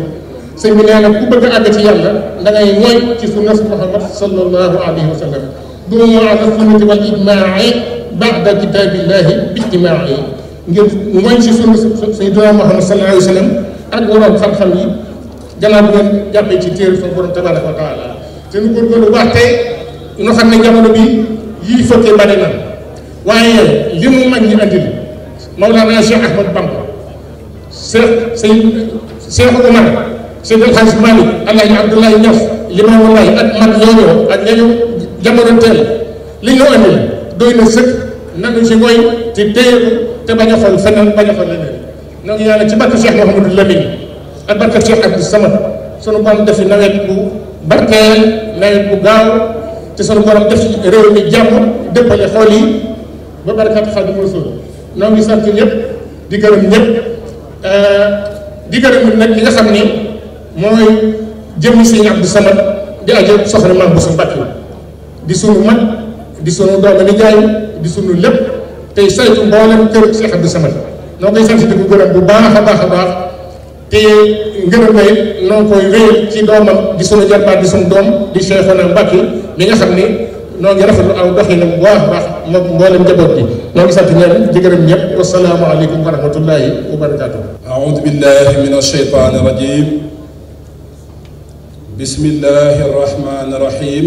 S3: sëñ bi nee na ku bëgg a àgg ci yàlla da ngay mooy ci sunnas Muhammad sallallahu alayhi wa sallam du mu ala sunnati wal ijmaai baada kitaabillahi bi ijmaai ngir mooy ci sunna sayyidina Muhammad sallallahu alayhi wa sallam ak borom xam-xam yi gannaaw bi ngeen jàppee ci téere fa borom tabaraka wa taala te nu góorgóorlu baax tey ñu xam ne jamono bi yii fëkkee bari na waaye li mu mag ñi andil Mawlana Cheikh Ahmad Bamba Cheikh sëñ Cheikh Oumar Seydi El Hadji Malick Alaaji Abdoulaye Niass Limaamu Laay ak mag ñooñoo ak ñañu jamono teel li ñu andil doy na sëkk nanu ci ngoy te téye te bañ a xool feneen bañ a xool leneen na ngi yàlla ci barke Cheikh Mouhamadou Lamine ak barke Cheikh Abdou Samad sunu borom defi nawet bu barkeel nawet bu gaaw te sunu borom def ci réew mi jàmm dëppale xool yi ba barakaatu Xaadimu Rasuul noo ngi sant ñëpp di gërëm ñëpp eh, di gërëm nag li nga xam ni mooy jëm Sëriñ Abdou Samad di ajo soxna maam bu su la di sunu mag di sunu doomu nijaay di sunu lépp tey saytu mboolem kër Cheikh Abdou Samad noo koy sant di ko gërëm bu baax a baax a baax te ngërëm la it na nga koy wéyal ci doomam di sunu jarbaat di sunu doom di Cheikhouna Mbacké mi nga xam ni noo ngi rafetlu aw doxinam bu baax a baax moom mboolem njaboot bi noo ngi sant ñenn di gërëm ñëpp wasalaamaaleykum wa rahmatullahi wa barakatuh aoudu billahi min alcheytan rajim bismillahi arrahman arrahim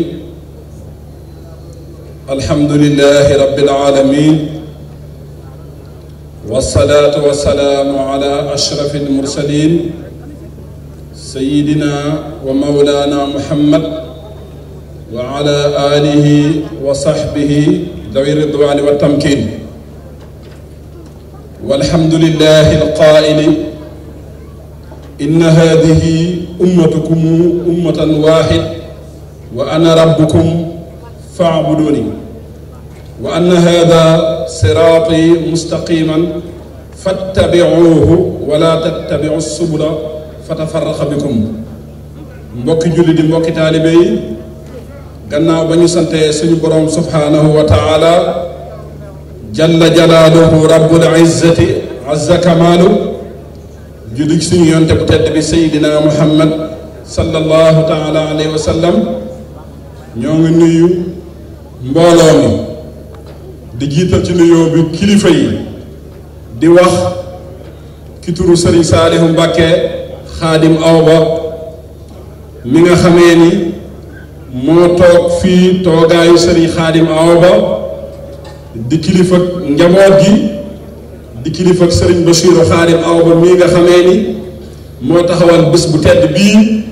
S4: alhamdulilahi rabbil alamin والصلاة والسلام على أشرف المرسلين
S3: سيدنا ومولانا محمد وعلى آله وصحبه ذوي الرضوان والتمكين والحمد لله القائل إن هذه أمتكم أمة واحد وأنا ربكم فاعبدوني wa anna hada siraati
S2: mustaqiman fattabicuuhu wala tattabicu subula
S3: fatafaraqa bikum mbokki julli di mbokki taalibe yi gannaaw ba ñu sante suñu boroom subhaanahu wa taala jalla jalaaluhu rabbul izzati azza kamaalu julli suñu yonte bu tedd bi sayidina muhammad sallallahu taala alayhi wa sallam ñoo ngi nuyu mbooloo mi di jiital ci nuyoo bi kilifa yi di wax ki turu Serigne Saalihu Mbàkke xaadim awba mi nga xamee ni moo toog fii toogaayu Serigne xaadim awba di kilifa njaboot gi di kilifa ak Serigne Bachiru xaadim awba mi nga xamee ni moo taxawal bés bu tedd bii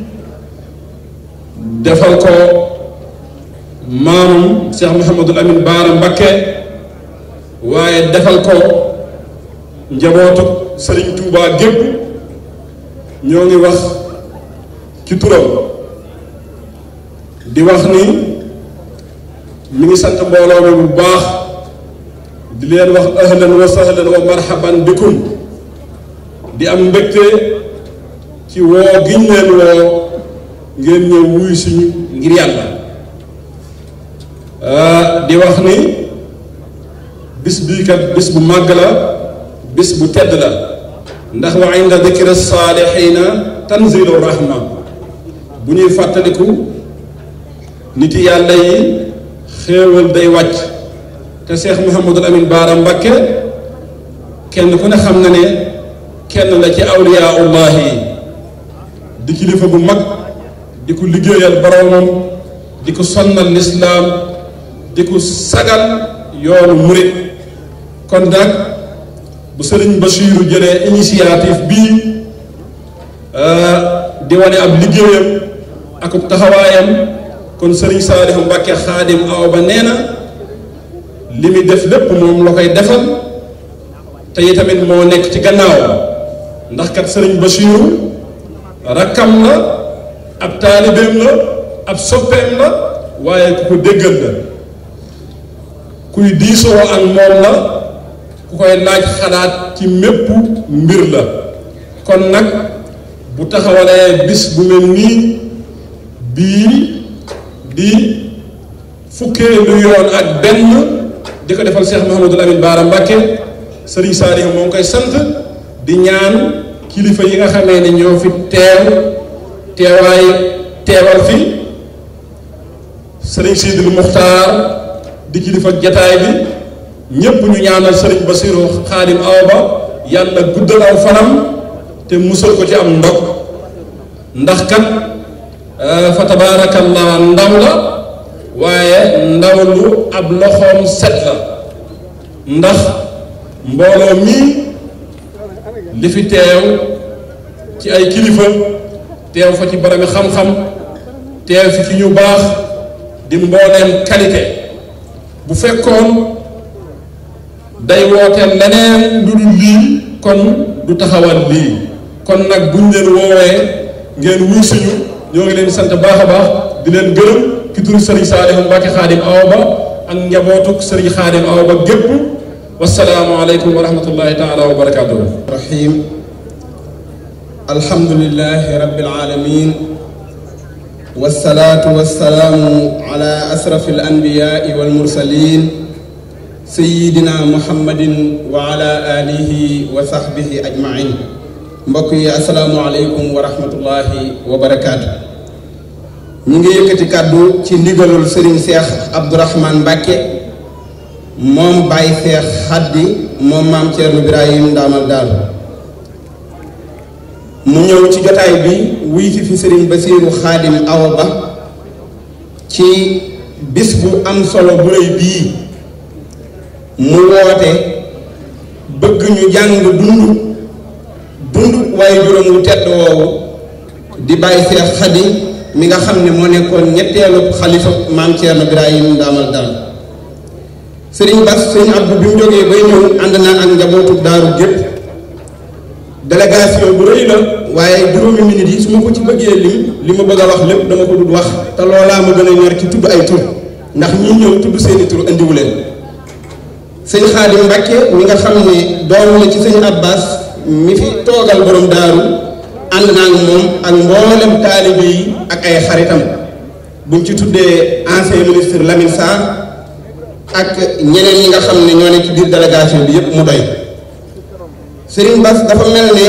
S3: defal ko maamam Cheikh Mouhamadul Amin Baara Mbàkke waaye defal ko njabootu Serigne Touba gépp ñoo ngi wax ci turam di wax ni mu ngi sant mbooloo mi bu baax di leen wax ahlan wa sahlan wa marhaban bikum di am mbégte ci woo giñ leen woo ngeen ñëw wuy suñu ngir yàlla ah, di wax ni bis bii kat bis bu màgg la bis bu tedd la ndax wa inda dikri saalihiina tanzilu rahma bu ñuy fàttaliku nit yàlla yi xéewal day wàcc te Cheikh Mouhamadul Amin Baara Mbakke kenn ku ne xam na ne kenn la ci awliyaullah yi di kilifa bu mag di ko liggéeyal boroomam di ko sonnal lislaam di ko sagal yoonu murit kon nag bu sëriñ Basiiru jëlee initiative bii euh, di wane ab liggéeyam akub taxawaayam kon sëriñ Saalihu Mbàkke xaadim aw ba nee li muy def lépp moom la koy defal te yi tamit moo nekk ci gannaaw ndax kat sëriñ Basiiru rakkam la ab taalibeem la ab soppeem la waaye ku ko déggal la kuy diisoo ak moom la ku koy laaj xalaat ci mépp mbir la kon nag bu taxawalee bis bu mel nii bii di fukkee lu yoon ak benn di ko defal Cheikh Mouhamadul Amin Baara Mbàkke sëriñ Saliou moo ngi koy sant di ñaan kilifa yi nga xamee ne ñoo fi teew teewaay teewal fi sëriñ Sidil Muxtaar di kilifa jataay bi ñépp ñu ñaanal sëriñ Basiru Xaadim Awa Ba yàlla guddal aw fanam te musal ko ci am ndog ndax kat euh, fa tabaarakallaa ndaw la waaye ndaw lu ab loxoom set la ndax mbooloo mii li fi teew ci ay kilifa teew fa ci barami xam-xam teew fi ci ñu baax di mbooleem qualité bu fekkoon day wooteel leneen lu lii kon du taxawal lii kon nag buñ leen woowee ngeen wuy ñoo ngi leen sant baax a baax di leen gërëm ki turu sëriñ Saalihu Mbàkke Xaadim Awa Ba ak njabootuk sëriñ Xaadim Awa Ba gépp wasalaamu aleykum wa rahmatullahi wa barakaatuhu rahim alhamdulilahi rabbil alamin wasalaatu wasalaamu ala asrafi al anbiyaai wal sayidina muhammadin wa ala alihi wa sahbihi ajmain mbokk yi asalaamualeykum wa rahmatullahi wa barakaatu ñu ngi yëkkati kàddu ci ndigalul sëriñ seex abdourahman mbàkke moom bàyyi seex xaddi moom maam ceerno birahim ndaamal daal mu ñëw ci jotaay bi wuy si fi sëriñ basiiru xaadim awa ba ci bis bu am solo bu rëy bii mu woote bëgg ñu jàng dund dund waaye juróom wu tedd woowu di bàyyi seex xadi mi nga xam ne moo nekkoon ñetteelu xalifa maam Thierno Birahim Ndamal Daan sëriñ Bas sëriñ Abdou bi mu jógee bay ñëw ànd naa ak njabootu daaru gépp délégation bu rëy la waaye juróomi minutes yi su ma ko ci bëggee lim li ma bëgg a wax lépp dama ko dul wax te loolaa ma gën a ñor ci tudd ay tur ndax ñu ñëw tudd seeni tur indiwu leen sëñ Xaadim Mbàkke mi nga xam ne doom la ci sëñ Abbas mi fi toogal borom daaru ànd naa ak moom ak mboolem taalibe yi ak ay xaritam buñ ci tuddee ancien ministre Lamine Sarr ak ñeneen ñi nga xam ne ñoo ne ci biir délégation bi yépp mu doy Serigne Bass dafa mel ne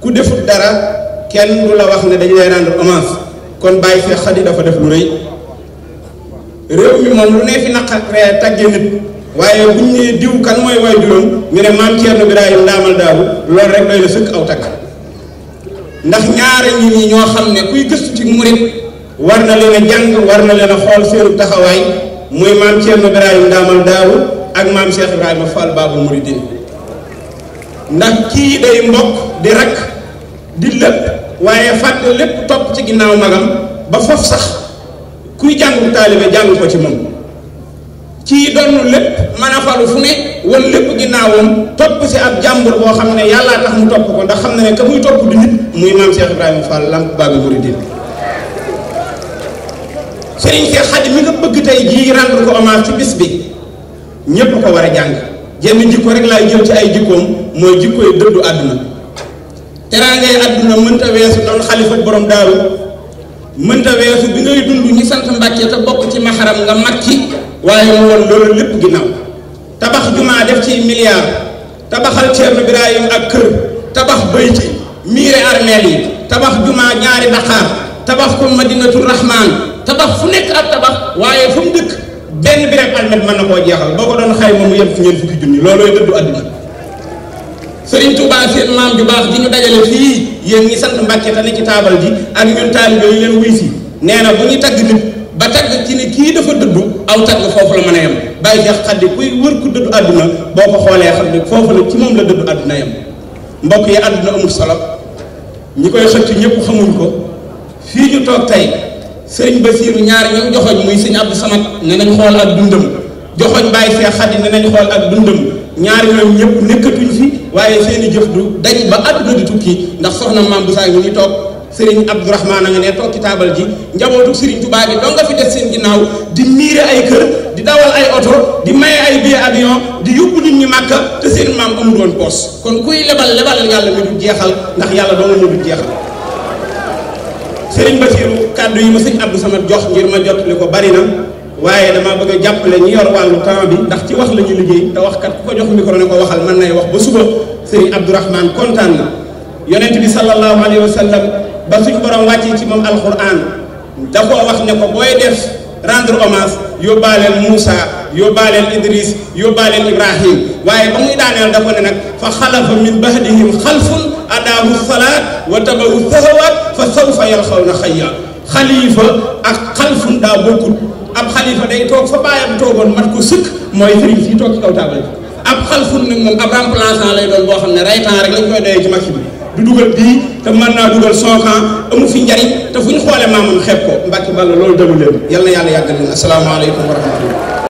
S3: ku defut dara kenn du la wax ne dañ lay rendre commence kon bàyyi fee Xadi dafa def lu rëy réew mi moom lu ne fi naqaree tàggee nit waaye bu ñu nee diw kan mooy waay juróom ñu ne maam Thierno Birahim ndaamal daabu loolu rek doy na sëkk aw takk ndax ñaare ñi ñi ñoo xam ne kuy gëstu ci murit war na leen a jàng war na leen xool seenu taxawaay mooy maam Thierno Birahim ndaamal daabu ak maam Cheikh Ibrahima Fall Baabul Muridiin ndax kii day mbokk di rakk di lépp waaye fàtte lépp topp ci ginnaaw magam ba foofu sax kuy jàngu taalibe jàng ko ci moom ci doon lépp mën a falu fu ne wan lépp ginnaawam topp si ab jàmbur boo xam ne yàllaa tax mu topp ko ndax xam na ne ka muy topp du nit muy maam Cheikh Ibrahima Fall Lamp Baabul Muridiin sëriñ Cheikh Xadim mi nga bëgg tey jii rendre ko hommage ci bis bi ñépp ko war a jàng jenn jikko rek laay jël ci ay jikkoom mooy jikkoy dëddu àdduna teraangay àdduna mënta weesu doon xalifa borom daaru mënta weesu bi ngay dund ñi sant Mbàkke te bokk ci maxaram nga mag ci waaye mu woon loolu lépp ginnaaw tabax jumaa def ci milliard tabaxal Ceerno Birahim ak kër tabax bëy ci miire armeel yi tabax jumaa ñaari daqaar tabax ko madinatul rahman tabax fu nekk ak tabax waaye fu mu dëkk benn bi rek almet na koo jeexal boo ko doon xayma mu yem fi ñeent fukki junni loolooy dëddu àdduna Sëriñ Tuubaa seen maam ju baax di ñu dajale fii yéen ñi sant Mbàkke te ne ci taabal ji ak ñun taalibe leen wuy si nee na bu ñu tagg ba tàgg ci ne kii dafa dëddu aw tàgg foofu la mën a yem bàyyi jeex xaddi kuy wër ku dëddu àdduna boo ko xoolee xam ne foofu la ci moom la dëddu àdduna yem mbokk yi àdduna amul solo ñi koy xëcc ñëpp xamuñ ko fii ñu toog tey sëriñ Basiiru ñaari ñoom joxoñ muy sëñ Abdou Samad ne nañ xool ak dundam joxoñ bàyyi seex xaddi ne nañ xool ak dundam ñaari ñoom ñëpp nekkatuñ fi waaye seen i jëf du dañ ba àdduna di tukki ndax soxna maam bu saa ñu toog sëriñ Abdourahman a nga ne toog ci taabal ji njabootu sëriñ Tuubaa gi doo nga fi def seen ginnaaw di miire ay kër di dawal ay oto di maye ay billet avion di yóbbu nit ñi màkka te seen maam amul woon poos kon kuy lebal lebal yàlla mi du jeexal ndax yàlla doo nga du jeexal sëriñ Basiiru kàddu yi ma sëñ Abdou Samad jox ngir ma jot li ko bari na waaye dama bëgg a jàppale ñi yor wàllu temps bi ndax ci wax la ñu liggéey te wax kat ku ko jox micro ne ko waxal mën nay wax ba suba sëriñ Abdourahman kontaan na yonent bi sallallahu alayhi wa sallam ba suñ borom wàccee ci moom alxuraan da koo wax ne ko booy def rendre hommage yóbbaaleel Moussa yóbbaaleel Idris yóbbaaleel Ibrahim waaye ba muy daaneel da ko ne nag fa xalafa min bahdihim xalfun adaabu salaat wa tabaru sahawaat fa sawfa yalxawna xayya xalifa ak xalfun daa bokkut ab xalifa day toog fa bàyyam toogoon mat ko sëkk mooy sëriñ si toog ci kaw taabal ab xalfun nag moom ab remplaçant lay doon boo xam ne raytaan rek lañ koy du dugal bii te
S2: mën naa dugal sookan amu fi njariñ te fu ñu xoolee maamam xeeb ko mbàkki bàll loolu dalu leen yal na yàlla yàggal leen asalaamaaleykum wa rahmatullah